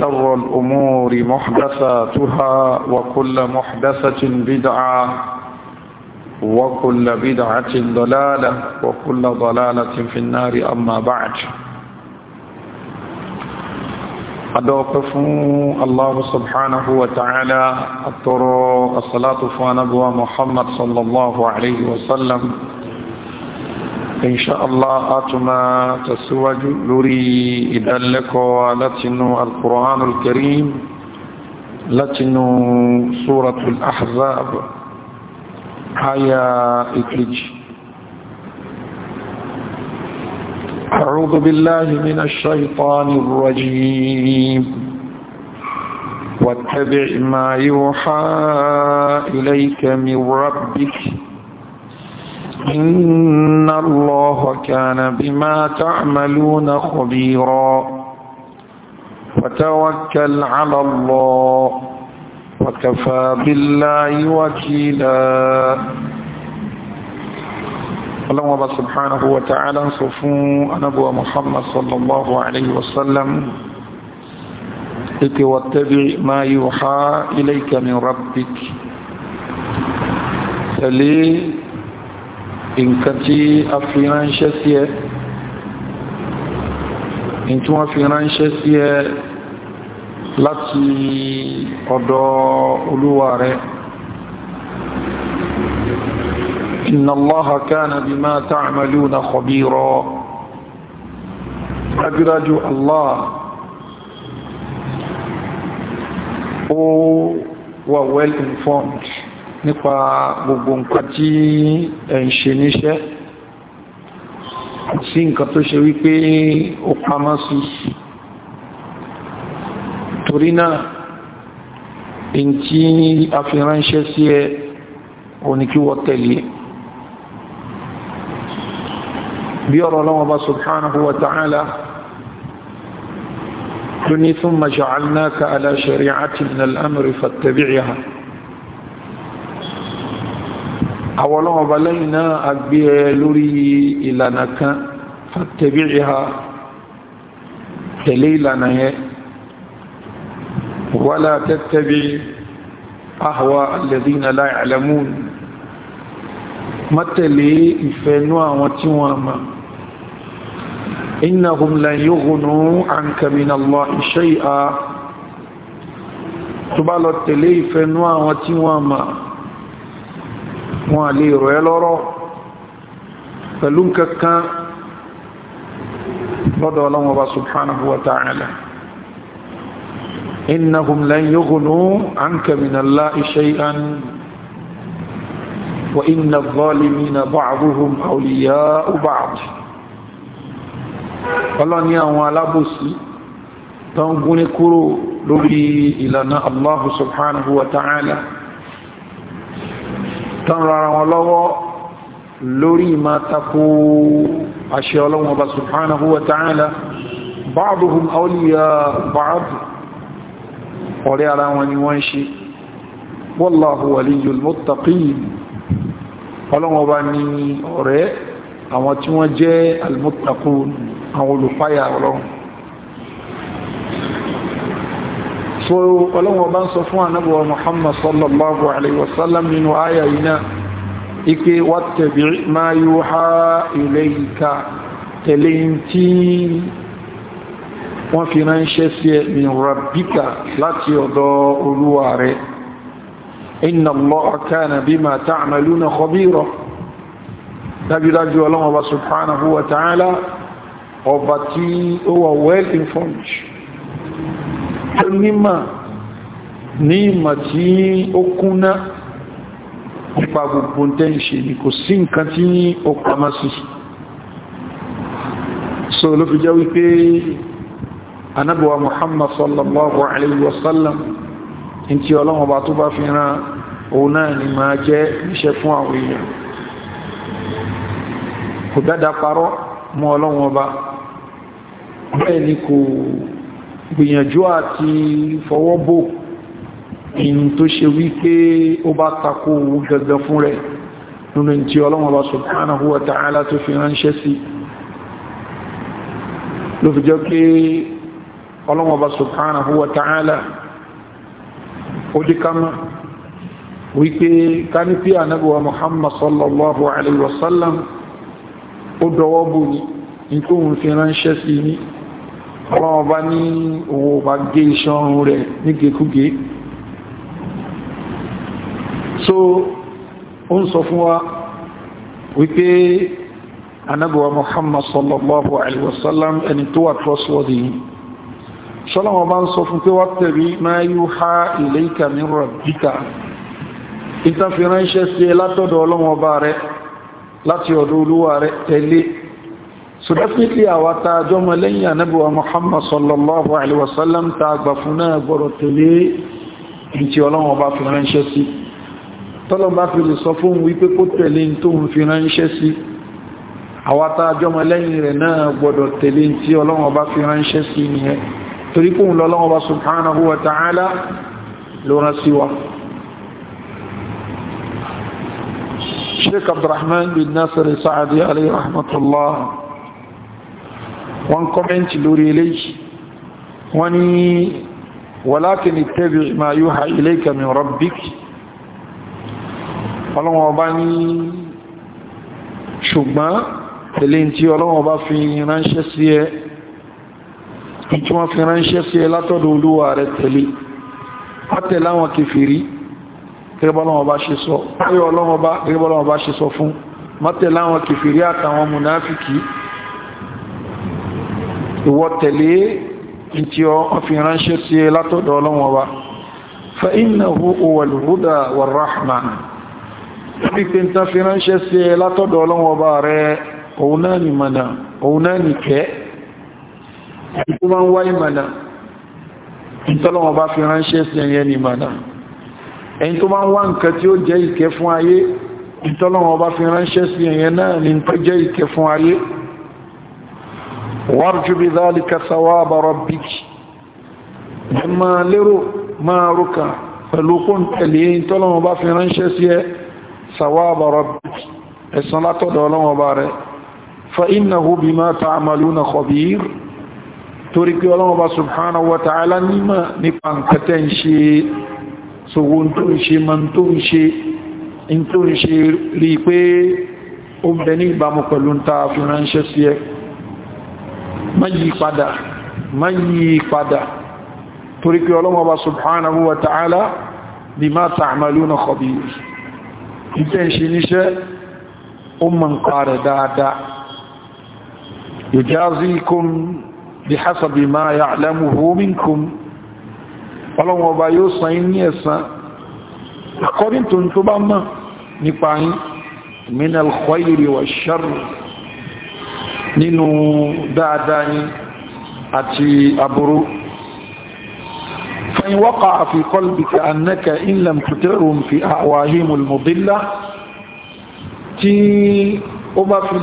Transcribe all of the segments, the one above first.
شر الأمور محدثاتها وكل محدثة بدعة وكل بدعة ضلالة وكل ضلالة في النار أما بعد أدوقف الله سبحانه وتعالى الطرق الصلاة فنبوى محمد صلى الله عليه وسلم إن شاء الله أتما تسوج اذا لك ولتنو القرآن الكريم لتنو سورة الأحزاب آية إكلج أعوذ بالله من الشيطان الرجيم واتبع ما يوحى إليك من ربك إن الله كان بما تعملون خبيرا وتوكل على الله وكفى بالله وكيلا اللهم الله سبحانه وتعالى صفو نبو محمد صلى الله عليه وسلم واتبع ما يوحى إليك من ربك سليم nǹkan tí a fi ránṣẹ́ sí ẹ ní tí wọ́n fi ránṣẹ́ sí ẹ láti ọ̀dọ̀ olúwa rẹ̀ inna allaha kana bima ta'maluna khabira agbíraju allah ó wà well informed nípa gbogbo nǹkan tí ẹ̀ ń ṣe níṣẹ́ sí nǹkan tó ṣe wípé ó pamọ́ sí torí náà in tí a fi ránṣẹ́ sí ẹ oníkíwọ́ tẹ̀lé bí ọ̀rọ̀ ọlọ́wọ́ bá subhanahu wa ta'ala tó ní thumma ja'alnaka ala shari'atin min al-amri àwọn ọlọ́wọ́n ọba lẹ́yìn náà a gbé ẹ lórí ìlànà kan fattabi'iha tẹ̀lé ìlànà yẹn wala tattabi ahwa alladhina la ya'lamun má tẹ̀lé ìfẹ́nú àwọn tí wọ́n mọ̀ innahum lan yughnu anka min Allahi shay'a tó bá lọ tẹ̀lé ìfẹ́nú àwọn tí wọ́n mọ̀ wọn lè rọ̀ ẹ́ lọ́rọ̀ pẹ̀lú kankan lọ́dọ̀ ọlọ́wọ́ bá subhanahu wa ta'ala innahum lan yughnu anka min Allahi shay'an wa inna adh-dhalimina ba'duhum awliya'u ba'd ọlọ́ni àwọn alábòsí tán gúnni kúrò lórí ìlànà Allah subhanahu wa ta'ala tán rara wọn lọ́wọ́ lórí ìmá tako àṣẹ ọlọ́wọ́n bá subhanahu wa ta'ala ba'duhum awliya ba'd ọ̀rẹ́ ara wọn ni wọ́n ṣe wallahu waliyyul muttaqin ọlọ́wọ́n bá ní ọ̀rẹ́ so ọlọ́wọ́ bá ń sọ fún anábọ̀wọ̀ muhammad sallallahu alaihi wasallam nínú àyà iná ike wàtẹ̀bí máa yóò ha ilẹ̀ ìka tẹ̀lé tí wọ́n fi ránṣẹ́ sí ẹ̀ ní rabbika láti ọ̀dọ̀ olúwa rẹ̀ inna allaha kana bima ta'maluna khabira dájúdájú ọlọ́wọ́ bá subhanahu wa ta'ala ọba tí ó wà well informed tó nímọ̀ ní ìmọ̀ tí ó kúnná nípa gbogbo tẹ́ ń ṣe ní kò sí nǹkan tí ó pamọ́ sí so ló fi jẹ́ wípé anábọ̀wà muhammad sallallahu alaihi wasallam in tí ọlọ́wọ́ bá tó bá fi ran òun náà ni máa jẹ́ iṣẹ́ fún àwọn èèyàn parọ́ mọ́ ọlọ́wọ́ bá bẹ́ẹ̀ ni kò gbìyànjú àti fọwọ́bò in tó ṣe wípé ó bá takò gẹ̀gẹ̀ fún rẹ̀ nínú tí ọlọ́wọ́n bá subhanahu wa ta'ala tó fi ránṣẹ́ sí ló fi jẹ́ pé ọlọ́wọ́n bá subhanahu wa ta'ala ó dí kama wípé ká ní pé ànábíwa muhammad sallallahu alaihi wasallam ó dọwọ́ bò ní tó ń fi ránṣẹ́ sí ní ọlọ́wọ́ bá ní owó bá gé iṣan ọrùn rẹ̀ ní so ó ń sọ fún wa wípé anábíwa Muhammad sallallahu alaihi wasallam ẹni tó wà trustworthy ṣọ́lọ́wọ́ bá ń sọ fún pé wattabi ma yuha ilayka min rabbika ìtàfihàn iṣẹ́ sí ẹ látọ̀dọ̀ ọlọ́wọ́ bá rẹ láti ọ̀dọ̀ olúwa rẹ tẹ̀lé so definitely àwa ta jọmọ lẹ́yìn anábíwa muhammad sallallahu alaihi wasallam ta gbà fún náà gbọ́rọ̀ tẹ̀lé ní tí ọlọ́wọ́ bá fi ránṣẹ́ sí tọ́lọ́ bá fi lè sọ fún wípé kó tẹ̀lé tó ń fi ránṣẹ́ sí àwa ta jọmọ lẹ́yìn rẹ̀ náà gbọ́dọ̀ tẹ̀lé tí ọlọ́wọ́ bá fi ránṣẹ́ sí nìyẹn torí kóhun lọ́lọ́wọ́ bá subhanahu wa ta'ala ló rán sí wa sheikh abdulrahman bin nasir sa'adi alayhi rahmatullah wọ́n kọ́mẹ́ntì lórí eléyìí wọ́n ní walakin ittabi ma yuha ilayka min rabbik ọlọ́wọ́ bá ní ṣùgbọ́n ilé tí ọlọ́wọ́ bá fi ránṣẹ́ sí ẹ tí wọ́n fi ránṣẹ́ sí ẹ látọ̀dọ̀ olúwa rẹ̀ tẹ̀lé látẹ̀láwọn kèfèrí gẹ́gbọ́lọ́wọ́ bá ṣe sọ fún mátẹ̀láwọn kèfèrí àtàwọn munafiki ìwọ tẹ̀lé ìtì ọ̀fi ránṣẹ́ sí ẹ látọ̀dọ̀ ọlọ́wọ́n wa fa innahu huwal huda war rahma wípé ta fi ránṣẹ́ sí ẹ látọ̀dọ̀ ọlọ́wọ́n wa rẹ òun náà ni mọ̀nà òun náà ni kẹ́ ìtú máa ń wáyé mọ̀nà ìtọ́lọ́wọ́n bá fi ránṣẹ́ sí ẹyẹ ni mọ̀nà ẹni tó máa ń wá warju bi dhalika thawaba rabbik ma lérò máa rúkà pẹ̀lú kún tẹ̀lé tọ́lọ́wọ́ bá fi ránṣẹ́ sí ẹ thawaba rabbik ẹ̀san látọ̀dọ̀ ọlọ́wọ́ bá rẹ̀ fa innahu bima ta'maluna khabir torí pé ọlọ́wọ́ bá subhanahu wa ta'ala nímọ̀ nípa nǹkan ń ṣe sòwò tó ń ṣe ma tó ń ṣe in tó ń ṣe rí pé ó bẹ ní ìbámu pẹ̀lú ń ta fi ránṣẹ́ sí ẹ má yí padà má yí padà torí pé ọlọ́mọ bá subhanahu wa ta'ala bima ta'maluna khabir ìtẹ́ ṣe níṣẹ́ ó mọ̀ ń parẹ̀ dáadáa yujazikum bihasabi ma ya'lamuhu minkum ọlọ́mọ bá yóò san ní ẹ̀san according to n tó bá mọ̀ nípa yín min al wa sharri nínú dáadáa yín àti aburú فإن وقع في قلبك أنك إن لم تطعهم في أعواهم المضلة tí ó bá fi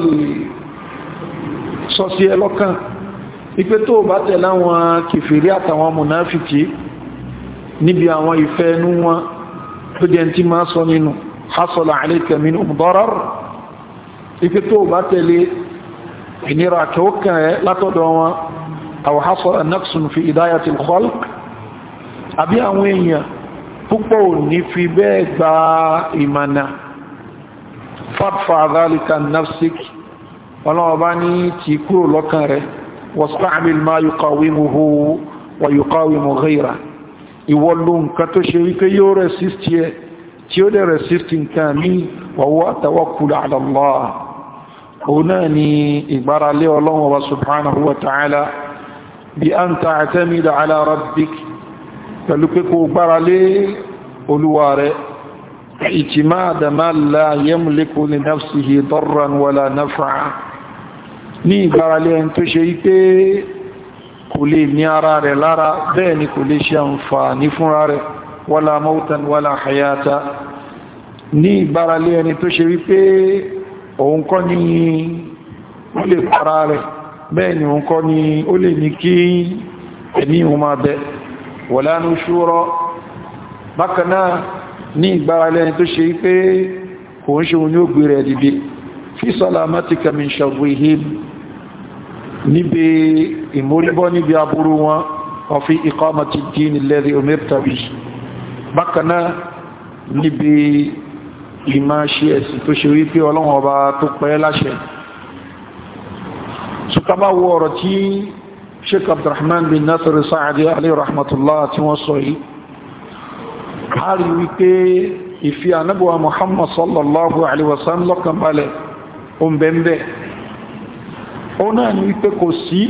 sọ sí ẹ lọ́kàn ìpé tó bá tẹ̀ láwọn kèfèrí àtàwọn mùnáfìkì níbi àwọn ìfẹ́ inú wọn tó jẹ́ tí máa sọ nínú hasala alayka minhum darar ìpé tó bá tẹ̀lé ìnira àtọ́kàn ẹ látọ̀dọ̀ wọn aw hasala naqsun fi idayati al-khalq àbí àwọn èèyàn púpọ̀ ò ní fi bẹ́ẹ̀ gba ìmànà fadfa dhalika nafsik ọlọ́wọ́ bá ní ti kúrò lọ́kàn rẹ̀ wasta'mil ma yuqawimuhu wa yuqawimu ghayra ìwọlú òun náà ni والله سبحانه وتعالى بأن تعتمد على ربك an ta'tamida ala rabbik pẹ̀lú pé kó gbáralé olúwa rẹ̀ ìtìmáàdà máa la yamliku li nafsihi darran wala naf'a ní ìgbáralé ẹni tó ṣe wípé kò lè ní ara rẹ̀ lára bẹ́ẹ̀ ni kò lè ṣe àǹfààní fúnra rẹ̀ wala mautan wala hayata ní ìgbáralé ẹni tó ṣe wípé òun kọ́ ni ó lè para rẹ̀ bẹ́ẹ̀ ni òun kọ́ ni ó lè ní kí ẹ̀mí òun máa bẹ wala nushura bákanáà ní ìgbáralẹ́ni tó ṣe pé kò ń ṣe òun ní ó rẹ̀ dìde fi salamatika min sharrihim níbi ìmá ṣe ẹ̀sìn tó ṣe wípé ọlọ́run ọba tó pẹ́ láṣẹ sùkábà wo ọ̀rọ̀ tí sheikh abdulrahman bin nasir sa'adi alayhi rahmatullah tí wọ́n sọ yìí a rí wípé ìfi ànábùwà muhammad sallallahu alayhi wa sallam lọ́kàn balẹ̀ ó ń bẹ́ẹ̀ bẹ́ẹ̀ ó náà ní wípé kò sí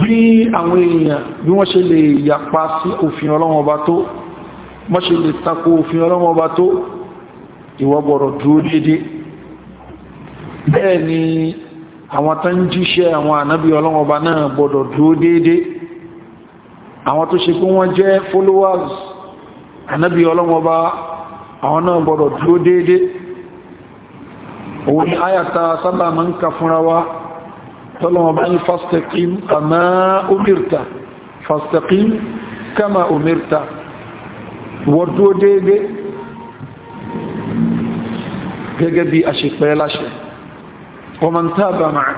bí àwọn èèyàn bí wọ́n ṣe lè yapa sí òfin ọlọ́run ọba tó wọ́n lè tako òfin ọlọ́run ọba tó ìwọ gbọ́dọ̀ dúró dédé bẹ́ẹ̀ ni àwọn tó ń jíṣẹ́ àwọn ànábí ọlọ́run ọba náà gbọ́dọ̀ dúró dédé àwọn tó ṣe pé wọ́n jẹ́ followers ànábí ọlọ́run ọba àwọn náà gbọ́dọ̀ dúró dédé òun ni ayata sábà máa ń ka fúnra wa tọ́lọ́wọ́ ní fastaqim kama umirta fastaqim kama umirta wọ́n dúró dédé gẹ́gẹ́ bí a ṣe pẹ́ láṣẹ ọmọ ń tábà máa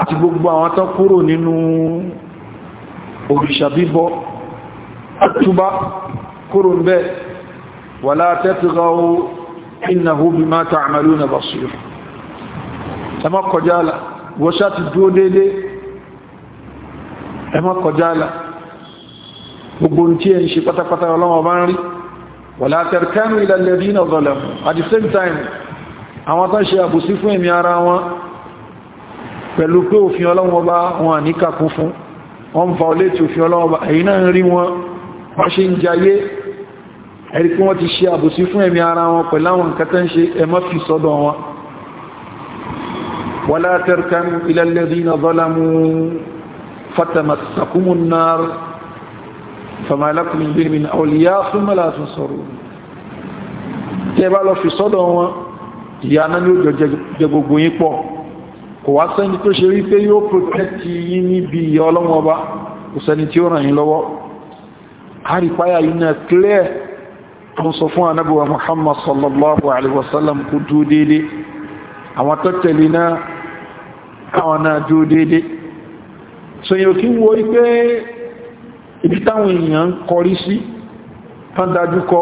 àti gbogbo àwọn tán kúrò nínú òrìṣà bíbọ túbá kúrò bẹ́ wà látẹ́tìgá ó innahu bima ta'maluna basir ẹmọ́ kọjá àlà wọ́ṣá ti dúó ẹmọ́ kọjá àlà gbogbo tí ẹ̀ ń ṣe pátápátá ọlọ́wọ́ bá ń rí wala tarkanu ila alladhina zalamu at the same time àwọn tán ṣe àbòsí fún ẹ̀mí ara wọn pẹ̀lú pé òfin ọlọ́wọ́ bá wọn níkàkún fún wọn violate òfin ọlọ́wọ́ bá èyí náà rí wọn wọ́n ṣe ń jayé ẹ̀rí pé wọ́n ti ṣe àbòsí fún ẹ̀mí ara wọn pẹ̀lú àwọn nǹkan tán ṣe ẹmọ́ fi sọ́dọ̀ فما لكم من بهم من أولياء ثم لا تنصرون tẹ́bá lọ fi sọ́dọ̀ wọn ìyá náà ló jẹ gbogbo yín pọ̀ kò wá sẹ́ni tó ṣe wípé yóò protect yín níbi ìyá ọlọ́wọ́ ọba kò sẹ́ni tí ó ràn yín lọ́wọ́ àrífáyà yìí náà clear tó ń sọ fún anábíwa Muhammad sallallahu alaihi wasallam kó dúó déédé àwọn tó tẹ̀lé náà káwọn náà dúó déédé so yóò kí ń wo wípé ibi táwọn èèyàn ń kọrí sí tán dájú kọ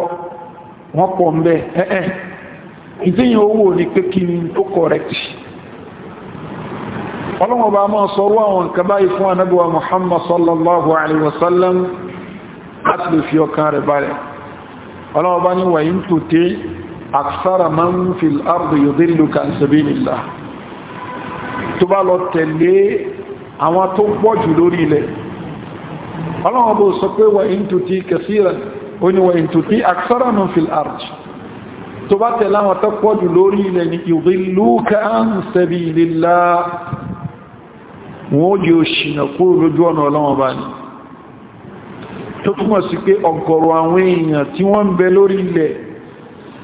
wọ́n pọ̀ ń bẹ́ ẹ̀ẹ́ ìdíyàn owó ní pé kí ni tó kọrẹ́tì ọlọ́wọ́ bá máa sọ̀rọ̀ àwọn nǹkan báyìí fún anábíwa Muhammad sallallahu alaihi wasallam láti lè fi ọkàn rẹ̀ balẹ̀ ọlọ́wọ́ bá ní wàyí tó tẹ́ aksara man fil ardi yudilluka an sabilillah tó bá lọ tẹ̀lé àwọn tó pọ̀ jù lórí ilẹ̀ ọlọ́wọ́ bó sọ pé wà ń tutí kẹsíra ó ní wà ń tutí àkṣọ́rà nù fi àrùj tó bá tẹ̀lé àwọn tó pọ̀ jù lórí ilẹ̀ ní yudilluka an sabilillah wọ́n ó jẹ́ òṣìnà kúrò lójú ọ̀nà ọlọ́wọ́ bá ní tó túnmọ̀ sí pé ọ̀gọ̀rọ̀ àwọn èèyàn tí wọ́n ń bẹ lórí ilẹ̀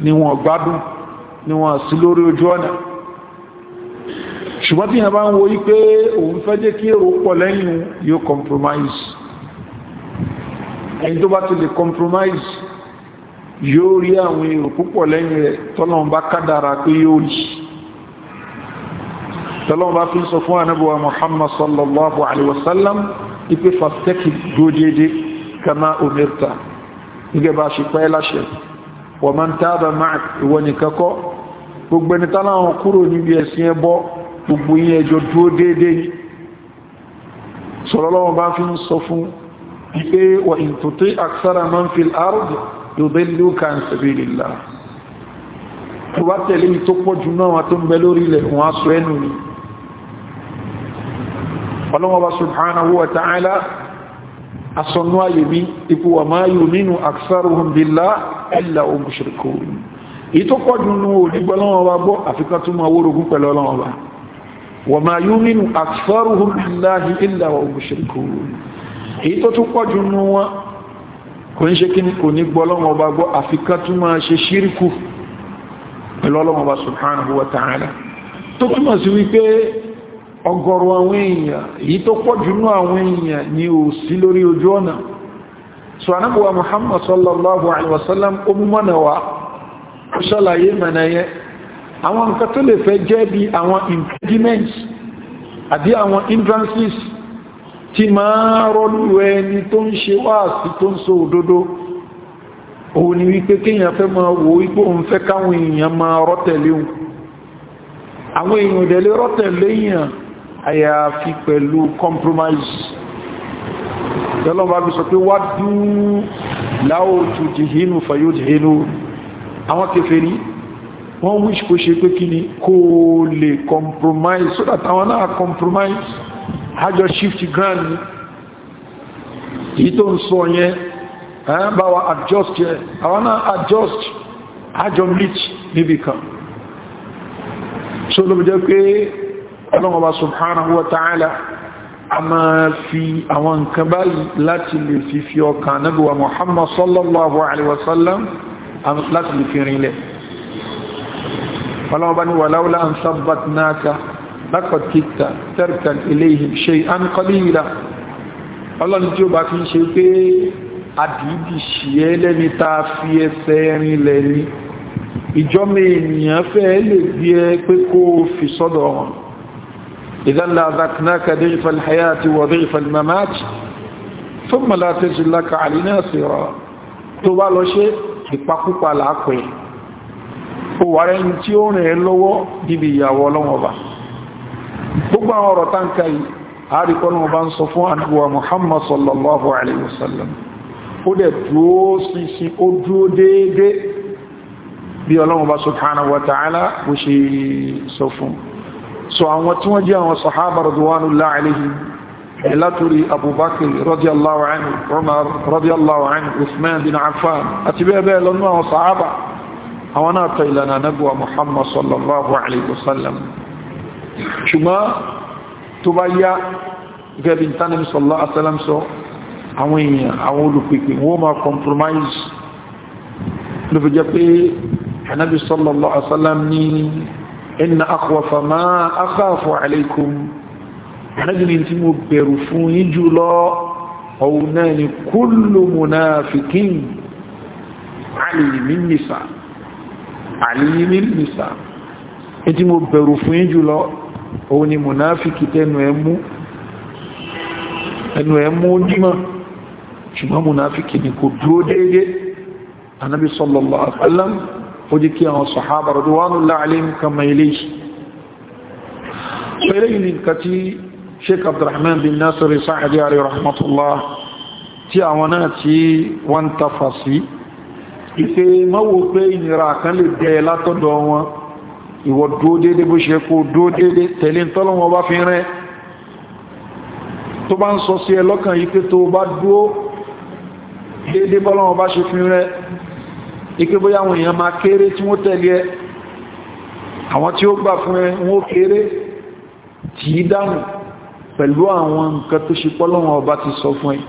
ni wọ́n gbádùn ni wọ́n sí lórí ojú ọ̀nà ṣùgbọ́n tí yẹn bá ń wo yí pé òun fẹ́ jẹ́ kí èrò pọ̀ lẹ́yìn yóò compromise ẹni tó bá ti lè compromise yóò rí àwọn èrò púpọ̀ lẹ́yìn rẹ̀ tọ́lọ́n bá kádàrà pé yóò rí tọ́lọ́n bá fi sọ fún anábọ̀wà Muhammad sallallahu alaihi wasallam ipe fasteki gojede kama omerta nígbà bá ṣe pẹ́ láṣẹ wọ́n máa ń tábà máa ìwọ nìkan kọ́ gbogbo ẹni táwọn kúrò níbi ẹ̀sìn ẹbọ gbogbo yín ẹjọ́ dúró déédéé sọ̀rọ̀ lọ́wọ́ bá fi ń sọ fún wípé wà in tuti aksara man fil ard yudilluka an sabilillah tó bá tẹ̀lé tó pọ̀ jù náà wà tó ń bẹ lórí ilẹ̀ wọ́n á sọ ẹnu ni ọlọ́wọ́ba subhanahu wa ta'ala asọ̀nú ayé bí ipò wà máa yu'minu aksaruhum billahi illa hum mushrikun ìtọ́kọ̀dù ní onígbà lọ́wọ́ bá gbọ́ àfikà tó máa wórogún pẹ̀lú ọlọ́wọ́ bá wà máa yu'minu aksaruhum billahi illa hum mushrikun èyí tó tún pọ̀jù nú wọn kò ń ṣe kí ni kò ní gbọ́ ọlọ́run ọba gbọ́ àfikán tún máa ṣe ṣíríkù pẹ̀lú ọlọ́run ọba subhanahu ta'ala tó túmọ̀ sí wípé ọ̀gọ̀rọ̀ àwọn èèyàn èyí tó ni ò sí lórí ojú muhammad sallallahu alaihi wasallam ó mú mọ́nà wá ó ṣàlàyé mẹ́nà yẹn àwọn nǹkan impediments àbí àwọn hindrances tí máa rọ́lú ẹni tó ń ṣe wáàsí tó ń sọ òdodo òun ni wípé kéèyàn fẹ́ máa wò wípé òun fẹ́ káwọn èèyàn máa rọ́tẹ̀lé òun àwọn èèyàn ìdẹ̀lé rọ́tẹ̀lé èèyàn àyàfi pẹ̀lú compromise tẹ́lọ́mbà bí sọ pé wá dú láòtù jìhínú fàyó jìhínú àwọn kèfèrí wọ́n wíṣ kó ṣe pé kí ni kó lè compromise so that àwọn náà compromise hajjọ shift grand ni èyí tó ń sọ yẹn bá wa adjust yẹ àwọn náà adjust hajjọ bleach níbi kan so ló jẹ́ pé ọlọ́mọba subhanahu wa ta'ala a máa fi àwọn nǹkan báyìí láti lè fi fi ọkàn nábíwa muhammad sallallahu alaihi wasallam láti lè fi rinlẹ̀ ọlọ́mọba ni wà láúlá ń sabbat náà lákọ̀ kíkà tẹ́rìkà ilé ìhìn ṣe ànkọ́lé ìlà ọlọ́ni tí ó bá fi ń ṣe pé àdìdì ṣì ẹ́ lẹ́ni tá a fi ẹsẹ̀ rin lẹ́ni ìjọ́mọ ènìyàn fẹ́ lè gbé ẹ pé kó o fi sọ́dọ̀ wọn ìdánlá àdákùnáka dẹ́yìnfà ó wà rẹ̀ ń tí ó rìn lọ́wọ́ níbi ìyàwó ọlọ́wọ́ bàá gbogbo àwọn ọ̀rọ̀ táǹkà yìí àríkọ́nà ọba ń sọ fún àdúwà Muhammad sallallahu alaihi wasallam ó dẹ̀ dúó sínsín ó dúó déédé bí ọlọ́run bá subhanahu wa ta'ala bó ṣe sọ fún so àwọn tí wọ́n jẹ́ àwọn sahaba radiyallahu anhu umar radiyallahu ṣùgbọ́n tó bá yá gẹ́bí tánàbí sallallahu alaihi wasallam sọ àwọn èèyàn àwọn olùpèpè wọ́n máa compromise ló fi jẹ́ pé anábí sallallahu alaihi wasallam ní inna akhwafa ma akhafu alaikum anábìnrin tí mo bẹ̀rù fún yín jùlọ ọ̀hún náà ni kullu munafiqin òun ni mùnáfíkì tẹnu ẹ mú ẹnu ẹ mú onímọ̀ ṣùgbọ́n mùnáfíkì ni kò dúró déédé anábì sallallahu alaihi wasallam ó jẹ́ kí àwọn sàhábà radwanullahi alaihim kama ilayhi pẹ̀lẹ́ ìlú nǹkan tí sheik abdurrahman bin nasir sa'adi alayhi rahmatullah tí àwọn náà tí wọ́n tafà ìwọ dúó dédé bó ṣe kó dúó dédé tẹ̀lé ń tọ́lọ́wọ́ bá fi rẹ́ tó bá ń sọ sí ẹ lọ́kàn yìí pé tó bá dúó dédé bọ́lọ́wọ́ bá ṣe fi rẹ́ ike bóyá àwọn èèyàn máa kéré tí wọ́n tẹ̀lé ẹ àwọn tí ó gbà fún ẹ wọ́n kéré tí í dáhùn pẹ̀lú àwọn nǹkan tó ṣe pọ́lọ́wọ́ bá ti sọ fún ẹ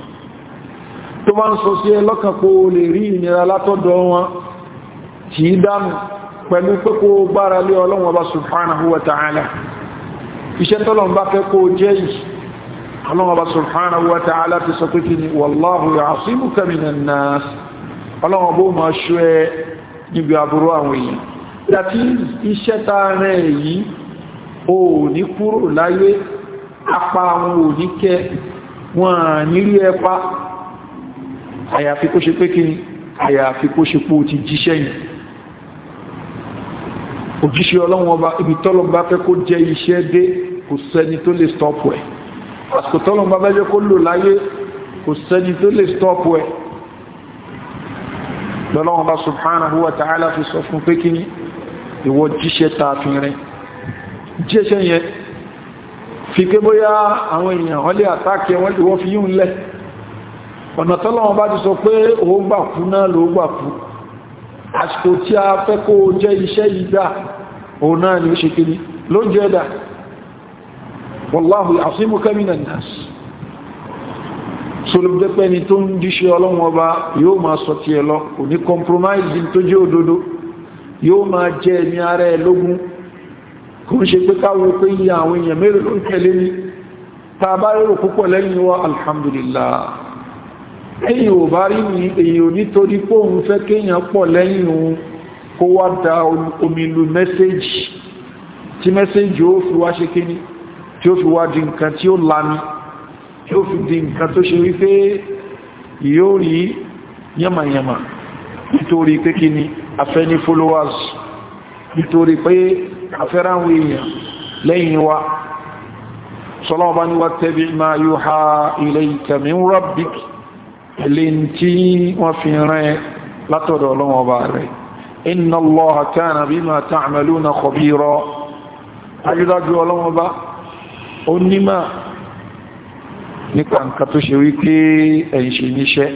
tó bá ń sọ sí ẹ lọ́kàn o lè rí ìnira látọ̀dọ̀ wọn tí í dáhùn pẹ̀lú pé kó gbára lé ọlọ́run ọba subhanahu wa ta'ala iṣẹ́ tọ́lọ́run bá fẹ́ kó jẹ́ yìí ọlọ́run ọba subhanahu wa ta'ala ti sọ pé kí ni wallahu ya'simuka minan nas ọlọ́run ọba àyàfi kó ṣe pé kí ni àyàfi kó ṣe pé ti jíṣẹ́ yìí òjíṣẹ́ ọlọ́run ọba ibi tọ́lọ́run bá fẹ́ kó jẹ iṣẹ́ dé kò sẹ́ni tó lè stọ́pù ẹ̀ àsìkò tọ́lọ́run bá fẹ́ kó lò láyé kò sẹ́ni tó lè stọ́pù ẹ̀ lọ́lọ́run bá subhanahu wa ta'ala fi sọ fún pé kí ni ìwọ jíṣẹ́ ta fi rìn jíṣẹ́ yẹn fi pé bóyá àwọn èèyàn wọ́n lè àtàkì wọ́n lè wọ́n fi yíò lẹ̀ ọ̀nà tọ́lọ́run bá ti sọ pé òun gbà kú náà ló gbà kú àsìkò tí a fẹ́ kó jẹ́ iṣẹ́ yìí dáa òun náà ni ó ṣe kiri ló jẹ́ ẹ̀dà wọ́láhù àṣímúkà mí nàìjíríà so ló jẹ́ pé ẹni tó ń díṣẹ́ ọlọ́run ọba yóò máa sọ ti ẹ̀ lọ kò ní compromise tó jẹ́ òdodo yóò máa jẹ́ ẹ̀mí ara ẹ̀ lógún kò ń ṣe pé káwọ pé iye àwọn èèyàn mélòó ló ń tẹ̀lé ní ta bá rérò púpọ̀ lẹ́yìn wa alhamdulillah kó wá da omi lu mẹ́sẹ́jì tí mẹ́sẹ́jì ó fi wá ṣe kíní tí ó fi wá di nǹkan tí ó lami tí ó fi di nǹkan tó ṣe wípé yóò rí yẹ́màyẹ́mà nítorí pé kíní afẹ́ ní followers nítorí pé afẹ́ráwọ̀ èèyàn lẹ́yìn wa sọlọ́ọ̀bá ni wá tẹ́bí máa yóò ha ilẹ̀ ìkẹ̀mí rabbik lè tí wọ́n fi rẹ̀ látọ̀dọ̀ ọlọ́wọ́ bá rẹ̀ إن الله كان بما تعملون خبيرا أجداد ولم با أنما نكون كتشويكي أنشينيشي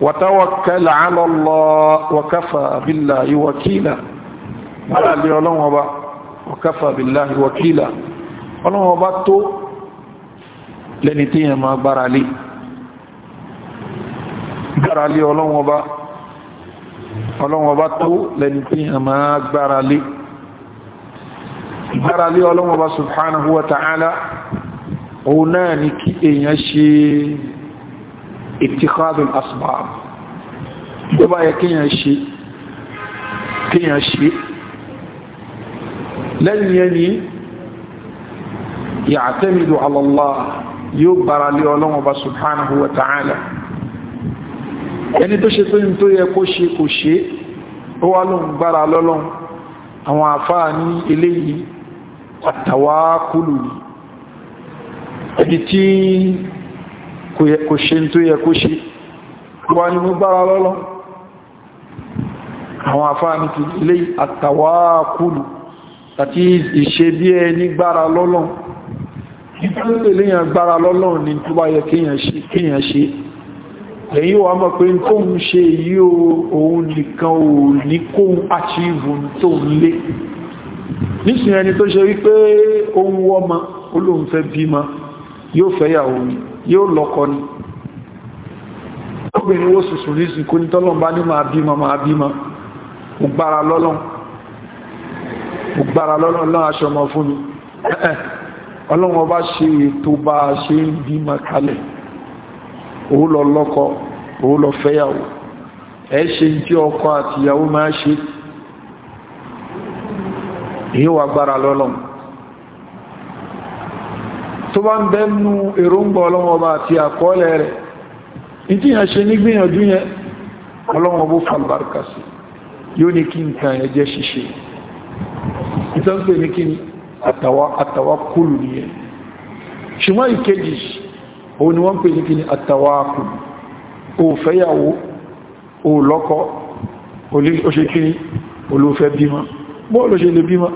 وتوكل على الله وكفى بالله وكيلا على ولم با وكفى بالله وكيلا ولم با تو لنتيما برالي برالي ولم با ọlọ́run ọba tó lẹni tí a máa gbára lé gbára lé ọlọ́run ọba subhanahu wa ta'ala òun náà ni kí èèyàn ṣe ìtìkádùn asbab tó bá yẹ kíyàn ṣe kíyàn ṣe lẹ́yìn yẹn ni ya'tamidu ala yóò gbára lé ọlọ́run subhanahu wa ta'ala ẹni tó ṣe pé ní tó yẹ kó ṣe kò ṣe ó wá lóun gbára lọ́lọ́run àwọn àfáà ní eléyìí àtàwákùlù ni ẹni tí kò ṣe tó yẹ kó ṣe wá ní gbára lọ́lọ́run àwọn àfáà ní eléyìí àtàwákùlù àti ìṣe bí ẹni gbára lọ́lọ́run ìpínlẹ̀ lèyàn gbára lọ́lọ́run ni tó bá yẹ kéèyàn ṣe lẹ́yìn wà mọ̀ pé tó ń ṣe yí òun nìkan ò ní kó ń achieve tó ń lé nísìnyí ẹni tó ṣe wípé ohun wọ́mọ olóòfẹ́ bímọ yóò fẹ́yàwó ni yóò lọ́kọ ni obìnrin ó sùsù nísìn kó ní tọ́lọ́n bá ní máa bímọ máa bímọ ògbára lọ́lọ́n ògbára lọ́lọ́n ọlọ́run ọba ṣe ètò bá ṣe ń bímọ kalẹ̀ òun lọ lọ́kọ òun lọ fẹ́yàwó ẹ ṣe ń tí ọkọ àti ìyàwó máa ṣe èyí wà gbára lọ́lọ́ tó bá ń bẹ́nu èròǹgbà ọlọ́mọba àti àkọọ́lẹ̀ rẹ̀ ìdí ṣe nígbìyànjú yẹn ọlọ́mọbó fàlbárkà sí yóò ní kí nǹkan ẹjẹ́ ní kí àtàwà kúlù ṣùgbọ́n òun ni wọ́n pè ní kí ni àtàwàkù o fẹ́yàwó o lọ́kọ o ṣe kí ni olófẹ́ bímọ bọ́ọ̀lù ṣe lè bímọ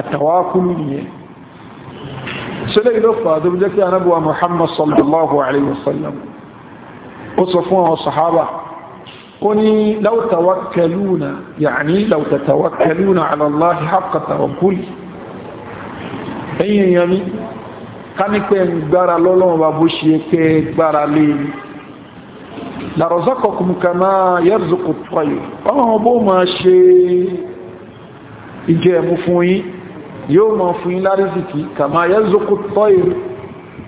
àtàwàkù nìyẹn sọ́lẹ̀ ìlọ́fà tó jẹ́ kí anábúwa Muhammad sallallahu alaihi wasallam ó sọ fún àwọn sahaba ó ní law tawakkaluna ya'ni law tatawakkaluna kánípẹ́ ń gbára lọ́lọ́wọ́ bá bó ṣe pé gbára lé ní làrọ̀sọ́kọ̀kùn kaná yẹ́rùsùkù tọ́yọ̀ ọlọ́wọ́ bó máa ṣe ìjẹ̀mú fún yín yóò máa fún yín lárísìkì kàmá yẹ́rùsùkù tọ́yọ̀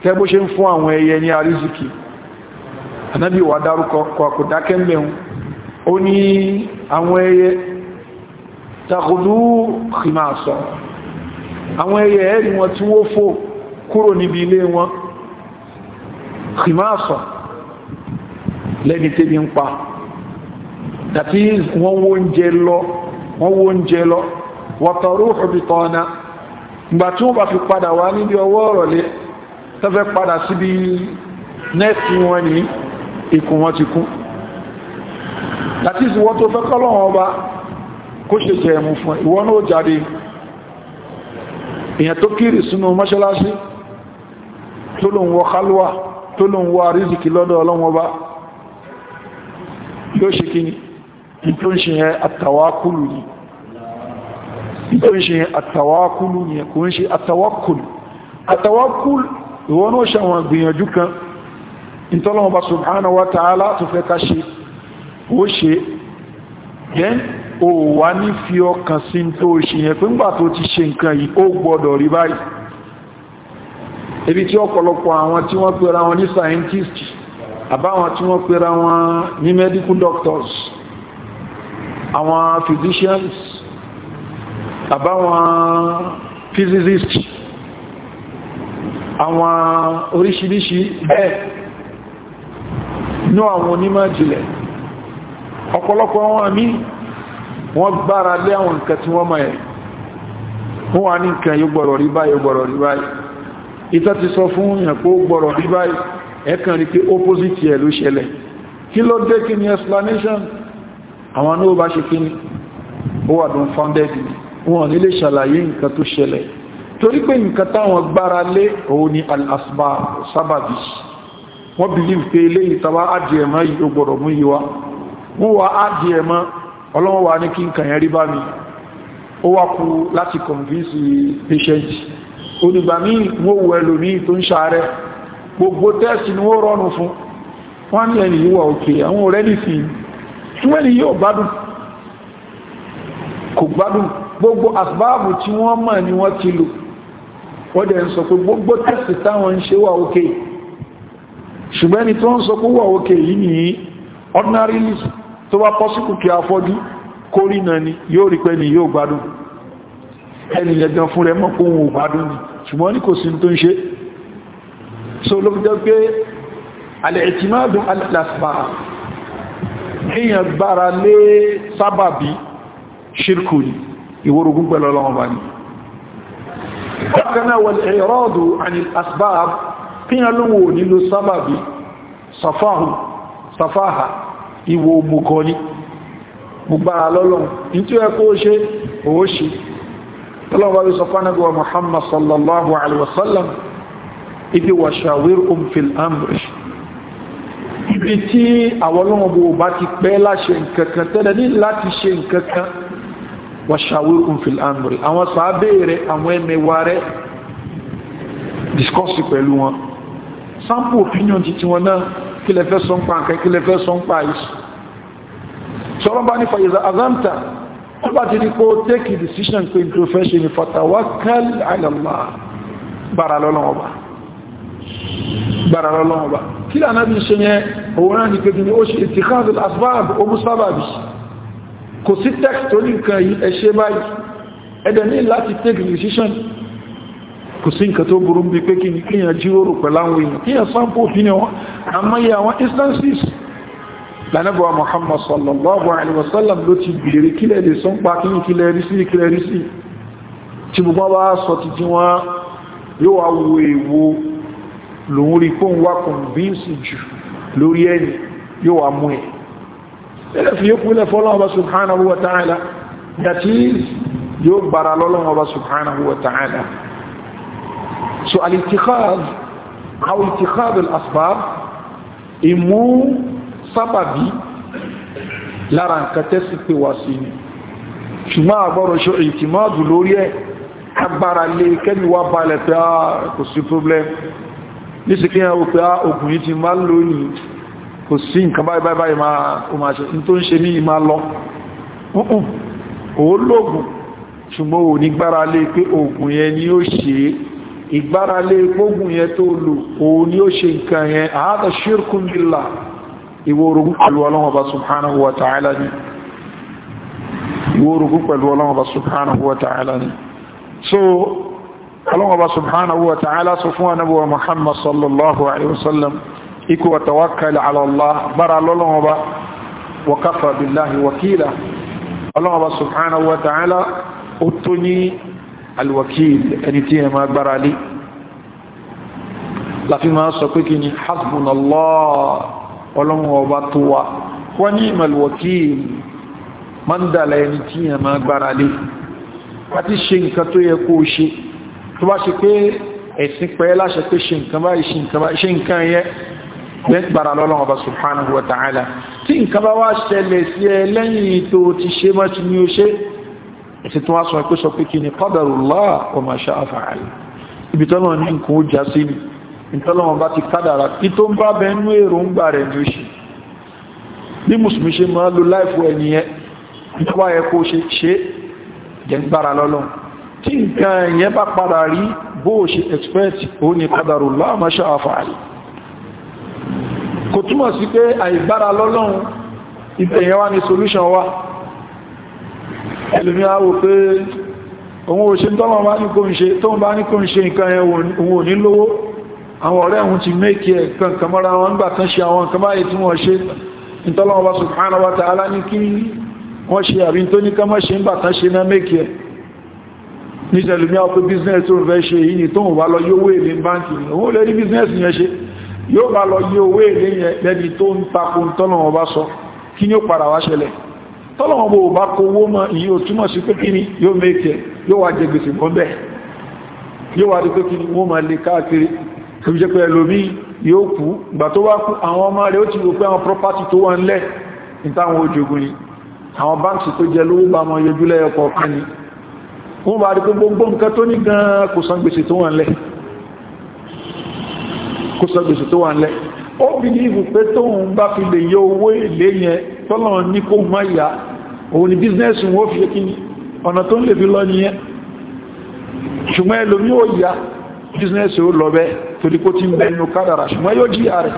tẹ́ bó ṣe ń fún àwọn ẹyẹ ní àrísìkì anábì wà dárúkọ kọ̀ọ̀kù dákẹ́mẹ̀hún ó ní àwọn ẹyẹ kúrò níbi ilé wọn kìmáàsọ̀ lẹ́ni tẹ́bi ń pa that is wọ́n wó oúnjẹ lọ wọ́n wó oúnjẹ lọ wọ́tọ̀rú òbítọ̀ ọ̀nà ìgbà tí wọ́n bá fi padà wá níbi ọwọ́ ọ̀rọ̀lẹ́ tẹ́fẹ́ padà síbi nẹ́ẹ̀tì wọn ní ikùn wọn ti kún that is tó fẹ́ kọ́lọ̀wọ́n ọba kó ṣe jẹ́ ẹ̀mù fún ìwọ́n náà jáde èèyàn tó kiri sínú mọ́ṣáláṣí tó ló ń wọ kálúwà tó ló ń wọ àrízìkì lọ́dọ̀ ọlọ́wọ́n bá yóò ṣe kí ni tó ń ṣe yẹn àtàwákùlù ni tó ń ṣe yẹn àtàwákùlù ni kò ń ṣe àtàwákùlù àtàwákùlù ìwọ́n ó ṣàwọn gbìyànjú kan ìtọ́lọ́wọ́n bá subhanahu wa ta'ala tó fẹ́ ká ṣe ó ṣe yẹn ó wá ní fi ọkàn sí tó ṣe yẹn pé ńgbà tó ti ṣe nǹkan yìí ó gbọ́dọ̀ rí báyìí ibi tí ọ̀pọ̀lọpọ̀ àwọn tí wọ́n pera wọn ní scientist àbáwọn tí wọ́n pera wọn ní medical doctors àwọn physicians àbáwọn physicists àwọn oríṣiríṣi bẹ́ẹ̀ ní àwọn onímọ̀ jìnlẹ̀ ọ̀pọ̀lọpọ̀ wọn mí wọ́n gbára lé àwọn nǹkan tí wọ́n mọ̀ ẹ̀ wọ́n wà ní nǹkan yóò gbọ̀rọ̀ rí báyìí gbọ̀rọ̀ rí báyìí ìtọ́ ti sọ fún yàn kó gbọ́rọ̀ ní báyìí ẹ̀kan rí pé opposite ẹ̀ ló ṣẹlẹ̀ kí ló dé kí ni explanation àwọn ní ó bá ṣe kí ni ó wà dùn founded wọn nílé ṣàlàyé nǹkan tó ṣẹlẹ̀ torí pé nǹkan táwọn gbára lé òun ni al-asba sábàbí wọ́n believe pé ilé ìtawà adìẹ̀mọ́ yìí ó gbọ́rọ̀ mú yíwá wọ́n wá adìẹ̀mọ́ ọlọ́wọ́ wà ní kí nǹkan yẹn rí bá mi ó wá kú láti convince patient onígbà míì wọ́n wọ ẹlòmíì tó ń ṣàárẹ̀ gbogbo tẹ́ẹ̀sì ni wọ́n rọrùn fún wọ́n ní ẹni yíwọ̀ òkè àwọn ọ̀rẹ́ nìsí fún ẹni yíò gbádùn kò gbádùn gbogbo asbáàbù tí wọ́n mọ̀ ni wọ́n ti lò wọ́n dẹ̀ ń sọ pé gbogbo tẹ́ẹ̀sì táwọn ń ṣe wà òkè ṣùgbọ́n ẹni ẹ̀gbọ́n fún rẹ̀ mọ̀ pé òun ni ṣùgbọ́n ní kò sí tó ń ṣe so ló fi jẹ́ pé alẹ́ẹ̀tìmádùn alẹ́lẹ́sàbà èyàn gbára lé sábàbí ṣírkù ní ìwòrògún pẹ̀lú ọlọ́ọ̀bá ni ọkànà wà ẹ̀rọ́dù alẹ́sàbà kíyàn ló wò nílò sábàbí sàfáhà ìwò òmùgọ́ ni gbára lọ́lọ́ ọlọ́run bá wí sọ fún anábíwá muhammad sallallahu alaihi wasallam ibi wà shawirhum fil amr ibi tí àwọn ọlọ́run bó bá ti pẹ́ láṣẹ nǹkan kan tẹ́lẹ̀ ní láti ṣe nǹkan kan wà shawirhum fil amr àwọn sàábẹ́ rẹ̀ àwọn ẹmẹ̀wà rẹ̀ discourse pẹ̀lú wọn sample opinion ti tiwọn náà kí sọ ń pa nǹkan kí sọ ń pa àìsàn sọ́rọ́ bá ní fa azamta tó bá ti rí pé ó take decision pé tó fẹ́ ṣe ni fatawakkal ala Allah gbára lọ́lọ́wọ́ba gbára lọ́lọ́wọ́ba kí lànà bí ṣe yẹn òun náà ní pé kí ni ó ṣe ìtìkáàdù asbáàb ogun sábàbì kò sí text tó nǹkan yìí ẹ̀ṣẹ́ báyìí ẹ̀dẹ̀ ní láti take decision kò sí nǹkan tó burú bí pé kí ni kíyàn jíròrò pẹ̀láwọn èèyàn kíyàn sample opinion wọn àwọn instances lánàbọ̀wà Muhammad sallallahu alaihi wasallam ló ti bèèrè kílẹ̀ lè sọ ń pa kí ní kílẹ̀ rí sí kílẹ̀ rí sí tí gbogbo bá sọ ti tí wọ́n yóò wá wo èwo lòun rí kó ń wá kọ̀nvínsì jù lórí ẹni yóò wá mú ẹ̀ sábàbí lára nǹkan tẹ́sí pé wá sí ni ṣùgbọ́n àgbọ́rọ̀ ṣe ìtìmọ́dù lórí ẹ̀ agbára lè kẹ́mi wá balẹ̀ pé á ah, kò sí problem ní sí kí ẹ̀hùn pé á ah, òkùnrin ti máa lò ní kò sí nǹkan báyìí báyìí máa ṣe tó ń ṣe ní ìmá lọ ó lóògùn ṣùgbọ́n ò ní gbára lé pé ògùn yẹn ni ó ṣe ìgbára lé gbógùn yẹn tó lò òun ni ó ṣe nǹkan yẹn àádọ́ ṣírkùn billah ìwòrògún pẹ̀lú ọlọ́wọ́ bá subhanahu wa ta'ala ni ìwòrògún pẹ̀lú subhanahu wa ta'ala so ọlọ́wọ́ bá subhanahu wa ta'ala sọ fún anábíwa muhammad sallallahu alaihi wasallam ikú wa tawakkal ala Allah bára lọ́lọ́wọ́ bá wa kafa billahi wakila ọlọ́wọ́ bá subhanahu wa ta'ala ó tó ní alwakil ẹni tí ẹ gbára lé láfi máa sọ pé kí ni hasbunallah ọlọ́run ọba tó wa wọ́n ní ìmọ̀lùwọ̀kíì mọ́ndàlá ẹni tí yẹn máa gbára lé àti ṣe nǹkan tó yẹ kó ṣe tó bá ṣe pé ẹ̀sìn pẹ́ láṣẹ pé ṣe nǹkan báyìí ṣe nǹkan báyìí ṣe nǹkan yẹ gbẹ́gbàrà lọ́lọ́wọ́ bá subhanahu wa ta'ala tí nǹkan bá wá ṣẹlẹ̀ sí ẹ lẹ́yìn tó ti ṣe má ti ní o ṣe ẹ̀sì tó wá sọ pé sọ pé kí ni qadarullah wa ma sha'a fa'al ibi tọ́lọ́ ní nǹkan ó já sí ni ìtọ́lọ́wọ́n bá ti kádàrà tí tó ń bá bẹnú èròǹgbà rẹ̀ ní oṣù bí mùsùlùmí ṣe máa lo láìfò ẹniyẹn nípa ẹ̀kọ́ ṣe ṣe jẹ́gbára lọ́lọ́ tí nǹkan ẹ̀yẹn bá padà rí bó ṣe expect ó ní kádàrù láàmáṣá àfààrí solution wá ẹlùmí á wò pé òun ò ṣe tọ́lọ́ bá ní àwọn ọ̀rẹ́ àwọn ti mẹ́kẹ́ ẹ̀kan kamara wọn gbà kan ṣe àwọn kan báyìí tí wọ́n ṣe ìtọ́lọ́wọ́ subhanahu wa ta'ala ní kí wọ́n ṣe àrí tó ní kọmọ́ ṣe ń bà kan ṣe náà mẹ́kẹ́ ní tẹ̀lùmí ọkọ̀ business tó fẹ́ ṣe yìí tó wà lọ ní business yẹn ṣe yóò bá lọ yóò wé ní lẹ́ni tó ń takun tọ́lọ̀wọ́ bá sọ kí ní ó padà wá ṣẹlẹ̀ tọ́lọ̀wọ́ bó bá kówó mọ́ ìyí ò túnmọ̀ wọ́n máa lè káàkiri tó bí jẹ́ pé ẹlòmí yóò kú ìgbà tó wá kú àwọn ọmọ rẹ̀ ó ti rò pé àwọn property tó wọ́n lẹ̀ ìtàwọn ojogun ni àwọn báńkì tó jẹ lówó bá mọ yọjú lẹ́yọkọ̀ ọ̀kan ni wọ́n bá rí pé gbogbo nǹkan tó ní gan kò san gbèsè tó wọ́n lẹ̀ kò san tó wọ́n lẹ̀ ṣùgbọ́n ẹlòmí ó yá business ó lọ bẹ́ torí kó ti mẹ́nu kádàrà ṣùgbọ́n yóò jíyà rẹ̀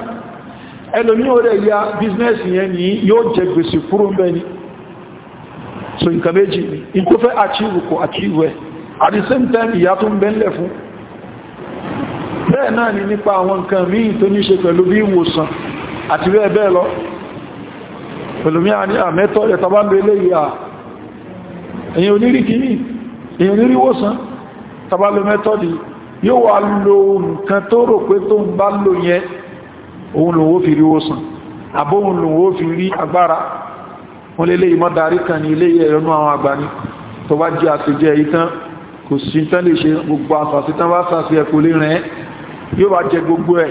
ẹlòmí ó ya business yẹn ni yóò jẹ gbèsè kúrò ń bẹ́ ni so nǹkan méjì ni in tó fẹ́ achieve kò achieve at the same time ìyá tó ń bẹ́ńlẹ̀ fún bẹ́ẹ̀ náà ni nípa àwọn nǹkan míì tó ní ṣe pẹ̀lú bí ìwòsàn àti bẹ́ẹ̀ bẹ́ẹ̀ lọ pẹ̀lú mí àní àmẹ́tọ́ rẹ̀ tàbá lélé ìyà èyàn yóò wá lo nǹkan tó rò pé tó ń bá lò yẹn òun lòun ó fi rí wòsàn àbóhun lòun ó fi rí agbára wọn lélé ìmọ́darí kan ní ilé ẹ̀rọnú àwọn àgbàní tó bá jẹ́ àtòjẹ́ ìtàn kò sí tán lè ṣe gbogbo àsàsí tán bá sàsí ẹ̀kò lè rẹ̀ yóò bá jẹ gbogbo ẹ̀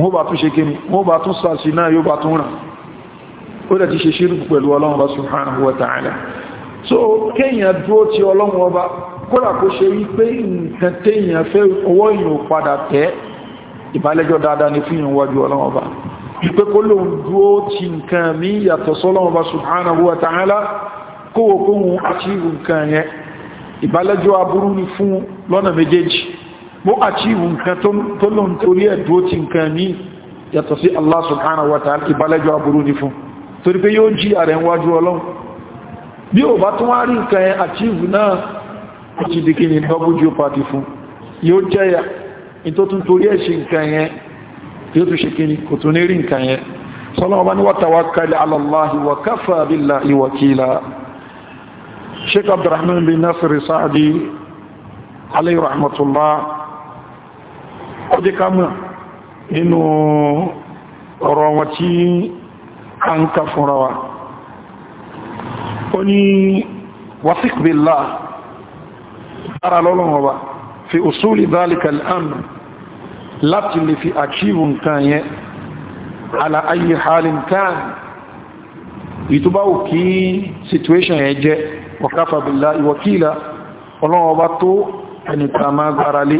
wọ́n bá tún ṣe kíni wọ́n bá tún sàsí náà yóò bá tún ràn ó dẹ̀ ti ṣe ṣírùkù pẹ̀lú ọlọ́run ọba subhanahu wa ta'ala so kéèyàn dúró ti ọlọ́run ọba kódà kó ṣe wípé nǹkan téèyàn fẹ́ owó èèyàn padà tẹ́ ìbálẹ́jọ́ dáadáa ní fíyàn wájú ọlọ́mọba wípé kó lóun dúó ti nǹkan mí yàtọ̀ sọ́lọ́mọba subhanahu wa ni fún lọ́nà méjèèjì mú àtíwù nǹkan tó lóun torí ẹ̀ dúó Allah subhanahu wa ta'ala ìbálẹ́jọ́ ni fún torí pé yóò jí àrẹ̀ wájú ọlọ́run bí ò bá tún wá rí nǹkan yẹn náà ó ti di kí ni double jeopardy fún yóò jẹ́yà ní tó tún torí ẹ̀ ṣe nǹkan yẹn yóò tún ṣe kí ni kò tún ní rí nǹkan yẹn sọ́lọ́wọ́ bá ní wa tawakkal ala Allahi wa billahi wakila sheikh abdulrahman bin saadi alayhi rahmatullah ó jẹ́ ká mọ̀ nínú ọ̀rọ̀ wọn tí a ara lọ́lọ́wọ́ wa fi usuli dhalika al-amr láti lè fi àkíwù nǹkan yẹn ala ayi halin kan ìtúbá òkí situation yẹn jẹ́ wakafa billahi wakila ọlọ́wọ́ bá tó ẹni tàmà gbára lé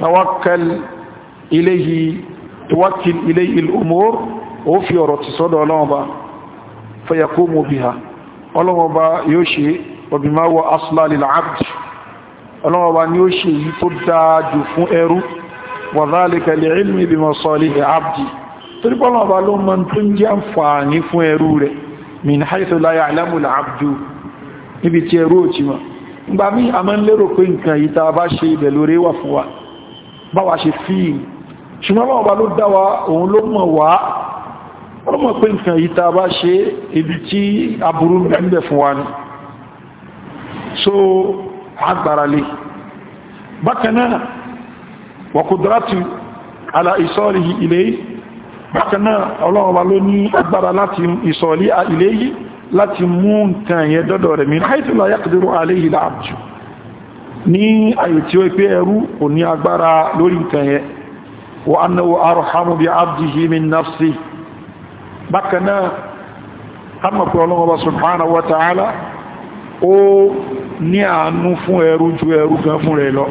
tawakkal ilayhi tawakkil ilayhi al-umur ó fi ọ̀rọ̀ ti sọ́dọ̀ ọlọ́wọ́ bá fayakumu biha ọlọ́wọ́ bá yóò ṣe wa bima wa asla ọlọ́wọ́ bá ní ó ṣe yí tó dáa jù fún ẹrú wa dhalika li'ilmi bi masalihi 'abdi torí pé ọlọ́wọ́ bá ló mọ tó ń jẹ́ àǹfààní fún ẹrú rẹ̀ min haythu la ya'lamu al-'abdu níbi tí ẹrú ò ti mọ̀ ìgbà mí a máa ń lérò pé nǹkan yìí tá a bá ṣe ibẹ̀ ibi tí aburú ń bẹ fún wa ní so agbára lé bákan náà wa qudratu ala isalihi ilayhi bákan náà ọlọ́run wa ló ní agbára láti ìsọ̀lí ilayhi láti mú nǹkan yẹn dọ́dọ̀ rẹ̀ min haythu la yaqdiru alayhi al-abd ní àyè tí ó pé ẹrú kò ní agbára lórí nǹkan yẹn wa annahu ó ní àánú fún ẹrú ju ẹrú gan fún rẹ̀ lọ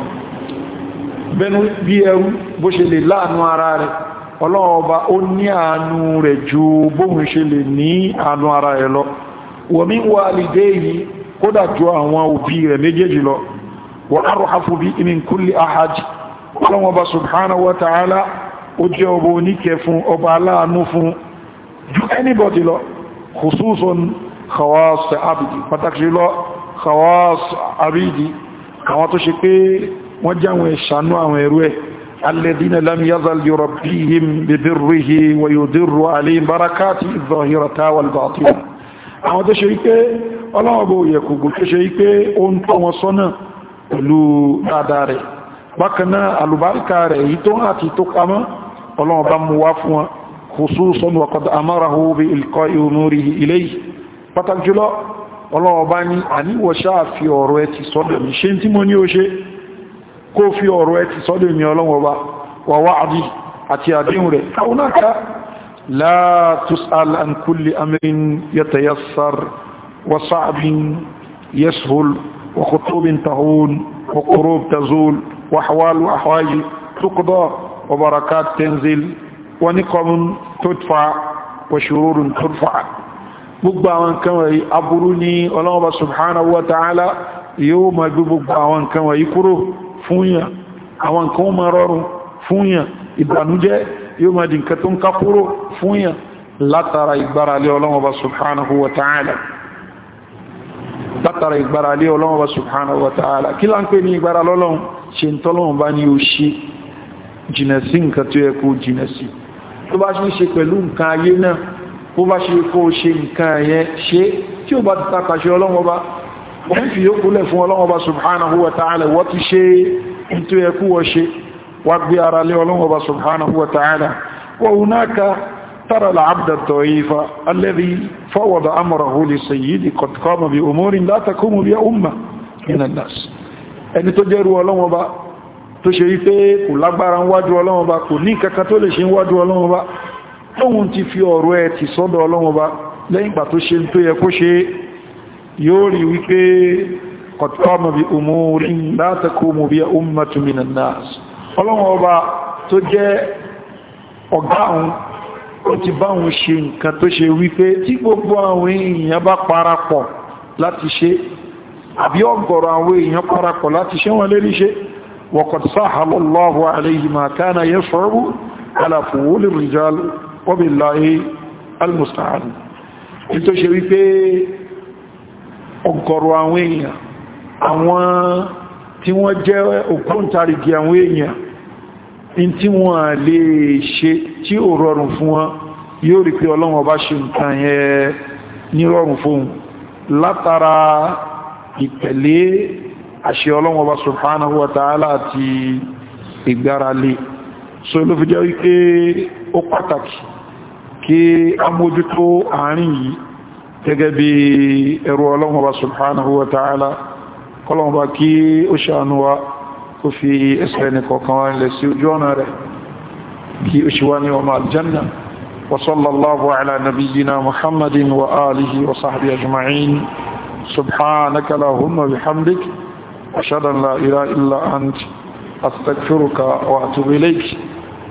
bẹ́nu bí ẹrú bó ṣe lè láàánú ara rẹ̀ ọlọ́run ọba ó ní àánú rẹ̀ ju bóhun ṣe lè ní àánú ara rẹ̀ lọ wọ̀mí wà lìdé yìí kódà ju àwọn òbí rẹ̀ méjèèjì lọ wọ́n arhafu bí min kulli ahad ọlọ́run ọba anybody lọ khususun khawas abidi pàtàkì jùlọ khawas abidi àwọn tó ṣe pé wọ́n jẹ́ àwọn ìṣànú àwọn ẹrú ẹ̀ alladhina lam yazal yurabbihim bibirrihi wa yudirru alayhim barakati zahirata wal batina àwọn tó ṣe wípé ọlọ́wọ́bọ̀ òyẹ̀kùgbò tó ṣe wípé ó ń tọ́ wọn sọ́nà pẹ̀lú dáadáa rẹ̀ bákaná alùbáríkà rẹ̀ èyí tó àti tó kamọ́ ọlọ́wọ́bá mú wá fún wọn khususan wa qad amarahu bi ilqa'i nurihi ilayhi pàtàkì jùlọ ọlọ́ọ̀bá ní àníwọ̀ sáà fi ọ̀rọ̀ ẹ ti sọ́dọ̀ mi ṣe tí mo ní ó ṣe kó fi ọ̀rọ̀ ẹ ti sọ́dọ̀ mi ọlọ́wọ̀ba wà wá àdí àti àdéhùn rẹ̀ káwọnáka la tus'al an kulli amrin yatayassar wa sa'bin yashul wa khutubin wa qurub tazul wa gbogbo àwọn nǹkan wọ̀nyí aburú ní ọlọ́wọ́ba subhanahu wa ta'ala yóò ma gbé gbogbo àwọn nǹkan wọ̀nyí kúrò fúnyàn àwọn nǹkan ma rọrùn fúnyàn ìbànújẹ́ yóò ma di nǹkan tó ń ká kúrò fúnyàn látara ìgbáralé ọlọ́wọ́ba subhanahu wa kí lá ń pè ní ìgbáralé ọlọ́run bó bá ṣe kó ṣe nǹkan yẹn ṣe tí ó bá ti takàṣe ọlọ́wọ́ bá wọ́n fi yóò kúlẹ̀ fún ọlọ́wọ́ bá subhanahu wa ta'ala wọ́n ti ṣe tó yẹ kú wọ́n ṣe wá gbé ara lé ọlọ́wọ́ subhanahu wa ta'ala wa hunaka tara al-abda ad-da'ifa alladhi tóhun ti fi ọ̀rọ̀ ẹ ti sọ́dọ̀ ọlọ́mọba lẹ́yìn ìgbà tó ṣe tó yẹ kó ṣe yóò rí wípé kọ̀tọ́mọ̀ bí umuri látàkó mú bí ummatu minan nas ọlọ́mọba tó jẹ́ ọ̀gá òun ó ti bá òun ṣe nǹkan tó ṣe wípé tí gbogbo àwọn èèyàn bá parapọ̀ láti ṣe àbí ọ̀gọ̀rọ̀ àwọn èèyàn wabillahi almusta'an almustaani, tó ṣe wípé ọ̀gọ̀rọ̀ àwọn èèyàn àwọn tí wọ́n jẹ́ òkúntarìgì àwọn èèyàn in tí wọ́n lè ṣe tí ò rọrùn fún wọn yóò rí pé ọlọ́run ọba ṣe nǹkan yẹn ní rọrùn fún látara ìtẹ̀lé àṣẹ ọlọ́run ọba subhanahu wa ta'ala àti ìgbáralé so ló fi jẹ́ wípé ó pàtàkì kí a mójútó àárín yìí gẹ́gẹ́ bí ẹrù ọlọ́mọba subhanahu wa ta'ala kọlọmọba kí ó ṣàánú wa kó fi ẹsẹ̀ nìkọ̀ọ̀kan wá ilẹ̀ sí ojú ọ̀nà rẹ̀ kí ó ṣe wá ní ọmọ aljanna wa sallallahu ala nabiyyina muhammadin wa alihi wa sahbihi ajma'in subhanaka lahumma bihamdik ashhadu an la ilaha illa ant astaghfiruka wa atubu ilayk